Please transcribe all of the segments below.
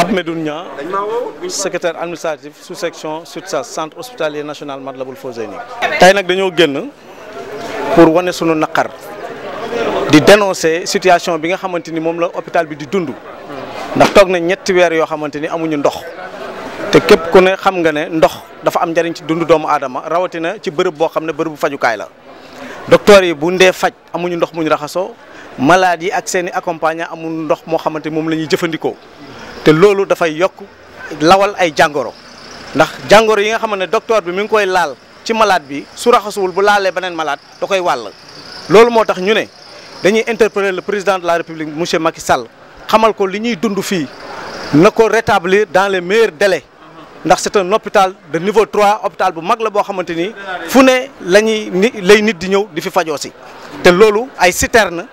Pape Medoune Niang secrétaire administratif sous section SUTSAS centre hospitalier national Matlaboul Fawzeyni tey nag dañoo génn pour wone sunu naqar di dénoncer situation bi nga xamante ni moom la hôpital bi di dund ndax toog na ñetti weer yoo xamante ni amuñu ndox te képp ku ne xam nga ne ndox dafa am njariñ ci dund doomu aadama rawatina ci bërëb boo xam ne bërëbu fajukaay la docteur yi bu ndee faj amuñu ndox muñu raxasoo malade yi ak seen i amul ndox moo xamante moom la ñuy jëfandikoo te loolu dafay yokk lawal ay jàngoro ndax jàngoro yi nga xam ne docteur bi mi ngi koy laal ci malade bi su raxasuwul bu laalee beneen malaat da koy wàll loolu moo tax ñu ne dañuy interpeller le président de la république monsieur Macky Sall xamal ko li ñuy dund fii na ko rétablir dans les meilleurs délais ndax c'est un de niveau 3 hôpital bu mag la boo xamante ni fu ne la ñuy lay nit di ñëw di fi fajoo si te loolu ay citerne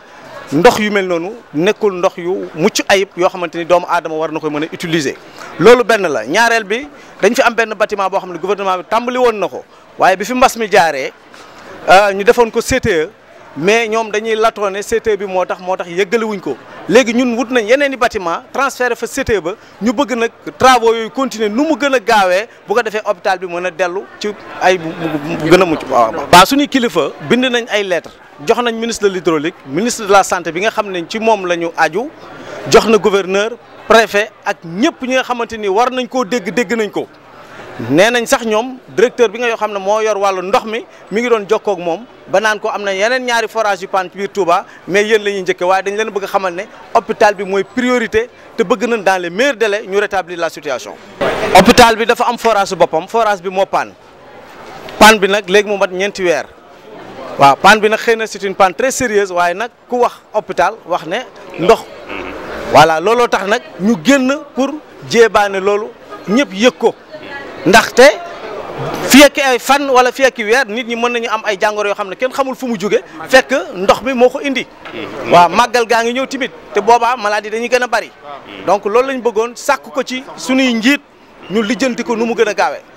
ndox yu mel noonu nekkul ndox yu mucc ayib yoo xamante ni doomu aadama war na ko mën a utiliser loolu benn la ñaareel bi dañ fi am benn batiment boo xam ne gouvernement bi tàmbali woon na ko waaye bi fi mbas mi jaaree euh, ñu defoon ko CTE mais ñoom dañuy latoone CTE bi moo tax moo tax yëggalewuñ ko léegi ñun wut nañ yeneen i bâtiment transféré fa CTE ba ñu bëgg nag travaux yooyu continuer nu mu gën a gaawee bu ko defee hopital bi mën a dellu ci ay bu gën a mucc waaw suñuy kilifa bind nañ ay lettres jox nañ ministre de l'hydraulique ministre de la santé bi nga xam nañ ci moom la ñu aju jox na gouverneur préfet ak ñëpp ñu nga xamante ni war nañ koo dégg dégg nañ ko. nee nañ sax ñoom directeur bi nga yoo xam ne moo yor wàllu ndox mi mi ngi doon jokkoog moom ba naan ko am na yeneen ñaari forage yu pan ci biir Touba mais yéen la ñuy njëkke waaye dañ leen bëgg a xamal ne hôpital bi mooy priorité te bëgg nañ dans les maire délais ñu rétablir la situation. hôpital bi dafa am forage boppam forage bi moo pan pan bi nag léegi mu mat ñeenti weer. waaw panne bi nag xëy na c'est une panne sérieuse waaye nag ku wax hôpital wax ne ndox voilà looloo tax nag ñu génn pour ne loolu ñëpp yëg ko ndaxte fii ak ay fan wala fii ak weer nit ñi mën nañu am ay jàngoro yoo xam ne kenn xamul fu mu jóge fekk ndox mi moo ko indi waaw màggal gaa ngi ñëw timit te boobaa maladie dañuy gën a bari donc loolu lañ bëggoon sàkk ko ci suñuy njiit ñu lijjanti ko nu mu gën a gaawee